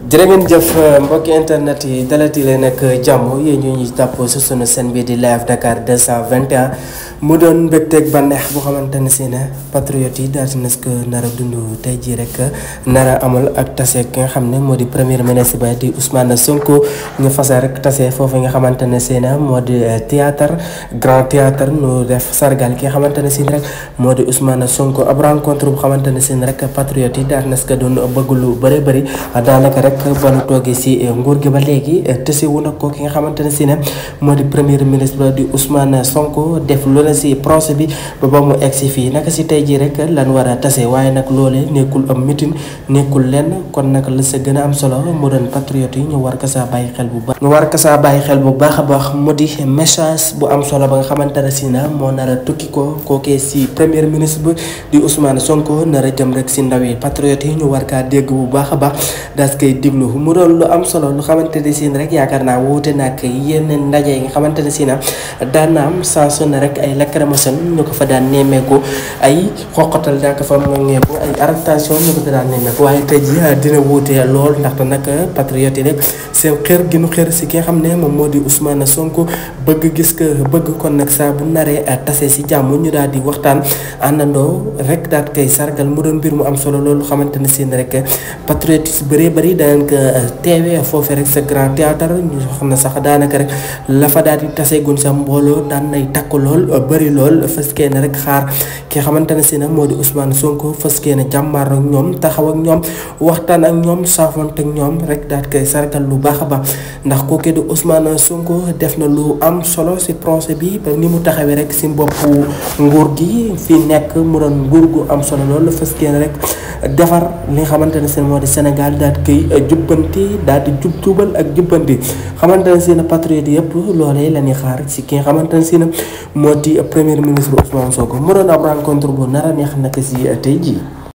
jërë ngeen jëf mbokki internet yi dalati leen ak jàmm yéen ñu ñuy tàpp su sunu seen bi di live Dakar 221 mu doon mbégteeg bànneex bu xamante ne si ne yi daal di ko dund tey jii rek nar a amal ak tase ki nga xam ne moo di premier ministre ba di Ousmane Sonko ñu fasa rek tase foofu nga xamante ne si ne moo di eh, théâtre grand théâtre ñu def sargal ki nga xamante ne si moo di Ousmane Sonko ab rencontre xamante ne si ne rek patriote yi daal di ko doon bëgg lu bëri bëri daanaka rek. rek ba nu toogee si eh, nguur gi ba léegi eh, tësewu ne si ne moo di premier ministre di Ousmane Sonko def lu ne si procès bi ba ba mu fii naka si tey jii rek lan war a tase waaye nag loolee nekkul am meeting nekkul lenn kon nag la sa gën am solo mu doon patriote yi ñu war ko saa bàyyi xel bu baax. ñu war ko saa bàyyi xel bu baax a baax mu di message bu am solo ba nga xamante ne si na moo nar a tukki ko kookee si premier ministre bi di Ousmane Sonko nar a jëm rek si ndaw yi yi ñu war kaa dégg bu baax a baax déglu mu doon lu am solo lu xamante ne rek yaakaar naa wuute nag yenn ndaje yi nga xamante ne si na daan na am saa su ne rek ay lacrymogène ñu ko fa daan nemmeeku ay xoqatal daa ko fa nemmeeku ay arrestation ñu ko fa daan nemmeeku waaye tey ji ah, dina lool ndaxte nag patriote rek seen xër gi nu xër si ki nga xam ne moom moo di Ousmane Sonko bëgg gis que bëgg kon nag saa bu naree ah, tase si jàmm ñu daal di waxtaan àndandoo rek daal koy sargal mu doon mbir mu am solo loolu xamante ne rek patriote yu bëree bëri leen ko euh, teewee foofe rek sa grand théâtre ñu xam ne sax daanaka rek la fa daal di taseegun sa mbooloo daan nay takk lool bari lool fas kee ne rek xaar ki nga xamante ne si na moo di Ousmane Sonko fas yéene jàmmaar ak ñoom taxaw ak ñoom waxtaan ak ñoom saafante ak ñoom rek daal koy sargal lu baax a baax ndax kooku di usmaan Sonko def na lu am solo si procès bi ni mu taxawee rek si mboppu nguur gi fi nekk mu doon gu am solo loolu fas yéene rek defar li nga xamante ne si moo di Sénégal daal koy jubbanti daal di jub jubal ak jubbanti xamante ne si na patriote yëpp loolee la ñuy xaar si ki nga xamante ne si na moo di premier ministre Ousmane Sonko mu rencontre bu a neex naka si euh, tey jii.